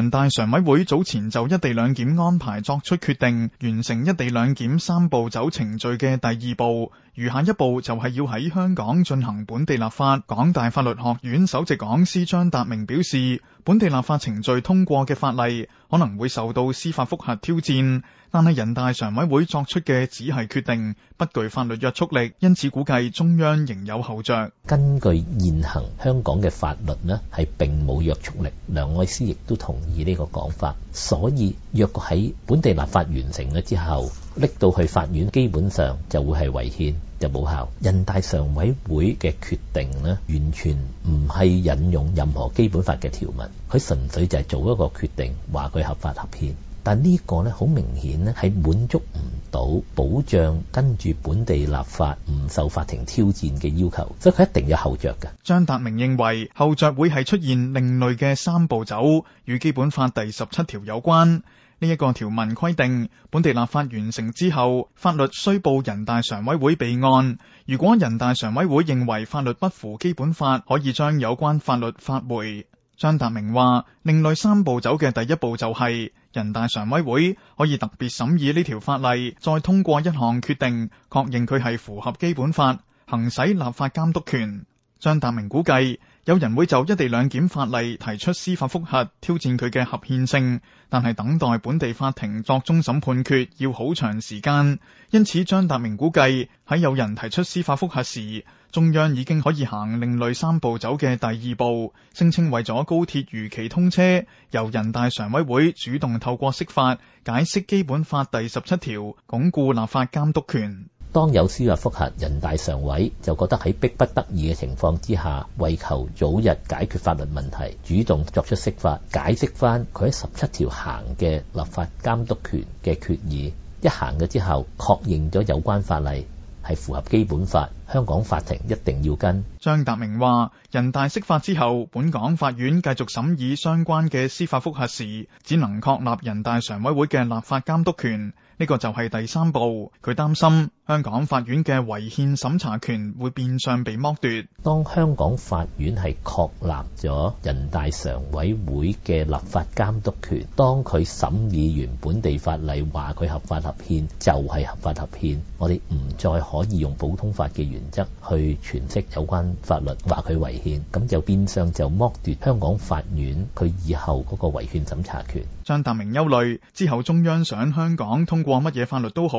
人大常委會早前就一地兩檢安排作出決定，完成一地兩檢三步走程序嘅第二步。餘下一步就係要喺香港進行本地立法。港大法律學院首席講師張達明表示，本地立法程序通過嘅法例可能會受到司法覆核挑戰，但係人大常委會作出嘅只係決定，不具法律約束力。因此估計中央仍有後著。根據現行香港嘅法律呢係並冇約束力。梁愛詩亦都同意呢個講法，所以若果喺本地立法完成咗之後，拎到去法院，基本上就會係違憲，就冇效。人大常委會嘅決定呢，完全唔係引用任何基本法嘅條文，佢純粹就係做一個決定，話佢合法合憲。但呢個呢，好明顯呢，係滿足唔到保障跟住本地立法唔受法庭挑戰嘅要求，所以佢一定有後着嘅。張達明認為，後着會係出現另類嘅三步走，與基本法第十七條有關。呢一個條文規定，本地立法完成之後，法律需報人大常委會備案。如果人大常委會認為法律不符基本法，可以將有關法律發回。張達明話：另類三步走嘅第一步就係、是、人大常委會可以特別審議呢條法例，再通過一項決定，確認佢係符合基本法，行使立法監督權。張達明估計，有人會就一地兩檢法例提出司法覆核，挑戰佢嘅合憲性，但係等待本地法庭作終審判決要好長時間。因此，張達明估計喺有人提出司法覆核時，中央已經可以行另類三步走嘅第二步，聲稱為咗高鐵如期通車，由人大常委會主動透過釋法解釋基本法第十七條，鞏固立法監督權。當有司法覆核，人大常委就覺得喺逼不得已嘅情況之下，為求早日解決法律問題，主動作出釋法，解釋返佢喺十七條行嘅立法監督權嘅決議，一行咗之後，確認咗有關法例係符合基本法。香港法庭一定要跟張達明話人大釋法之後，本港法院繼續審議相關嘅司法覆核時，只能確立人大常委會嘅立法監督權，呢、這個就係第三步。佢擔心香港法院嘅違憲審查權會變相被剝奪，當香港法院係確立咗人大常委會嘅立法監督權，當佢審議原本地法例話，佢合法合憲就係、是、合法合憲，我哋唔再可以用普通法嘅原則去詮釋有關法律，話佢違憲。咁就變相就剝奪香港法院佢以後嗰個違憲審查權。張達明憂慮之後，中央想香港通過乜嘢法律都好，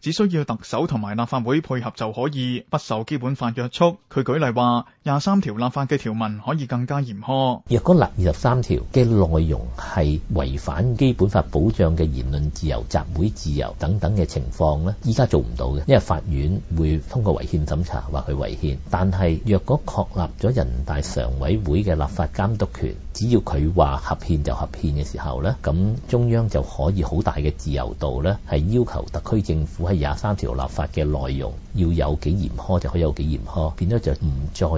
只需要特首同埋立法會配合就可以不受基本法約束。佢舉例話。廿三條立法嘅條文可以更加嚴苛。若果立二十三條嘅內容係違反基本法保障嘅言論自由、集會自由等等嘅情況呢，依家做唔到嘅，因為法院會通過違憲審查話佢違憲。但係若果確立咗人大常委會嘅立法監督權，只要佢話合憲就合憲嘅時候呢，咁中央就可以好大嘅自由度呢，係要求特區政府喺廿三條立法嘅內容要有幾嚴苛就可以有幾嚴苛，變咗就唔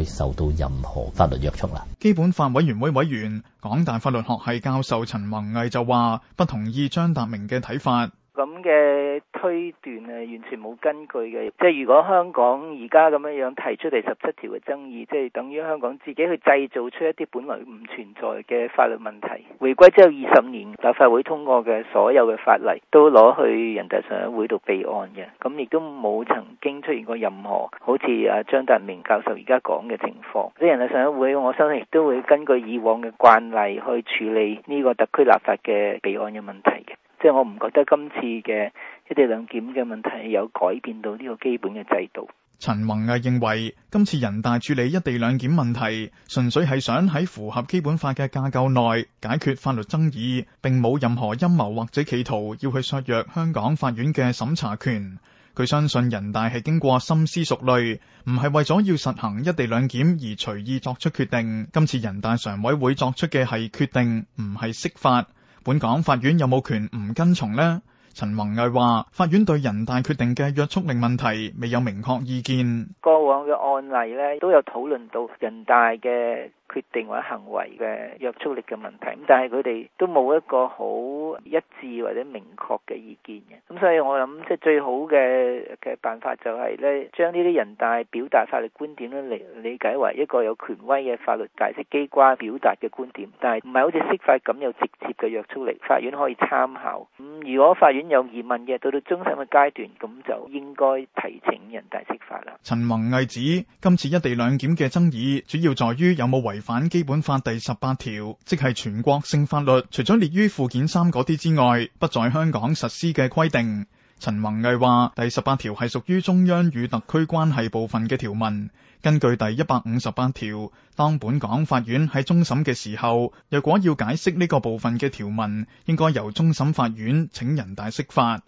再受到任何法律約束啦。基本法委員會委員、港大法律學系教授陳弘毅就話，不同意張達明嘅睇法。咁嘅推斷啊，完全冇根據嘅。即係如果香港而家咁樣樣提出第十七條嘅爭議，即係等於香港自己去製造出一啲本來唔存在嘅法律問題。回歸之後二十年，立法會通過嘅所有嘅法例都攞去人大常委會度備案嘅。咁亦都冇曾經出現過任何好似阿張達明教授而家講嘅情況。即人大常委會我相信亦都會根據以往嘅慣例去處理呢個特區立法嘅備案嘅問題嘅。即係我唔覺得今次嘅一地兩檢嘅問題有改變到呢個基本嘅制度。陳弘毅認為，今次人大處理一地兩檢問題，純粹係想喺符合基本法嘅架構內解決法律爭議，並冇任何陰謀或者企圖要去削弱香港法院嘅審查權。佢相信人大係經過深思熟慮，唔係為咗要實行一地兩檢而隨意作出決定。今次人大常委會作出嘅係決定，唔係釋法。本港法院有冇權唔跟從呢？陳弘毅話：法院對人大決定嘅約束令問題，未有明確意見。過往嘅案例呢，都有討論到人大嘅，決定或者行為嘅約束力嘅問題，咁但係佢哋都冇一個好一致或者明確嘅意見嘅，咁所以我諗即係最好嘅嘅辦法就係咧，將呢啲人大表達法律觀點咧嚟理解為一個有權威嘅法律解釋機關表達嘅觀點，但係唔係好似釋法咁有直接嘅約束力，法院可以參考。咁如果法院有疑問嘅，到到終審嘅階段，咁就應該提請。人大釋法啦。陳弘毅指，今次一地兩檢嘅爭議主要在於有冇違反基本法第十八條，即係全國性法律除咗列於附件三嗰啲之外，不在香港實施嘅規定。陳弘毅話：第十八條係屬於中央與特區關係部分嘅條文，根據第一百五十八條，當本港法院喺終審嘅時候，若果要解釋呢個部分嘅條文，應該由終審法院請人大釋法。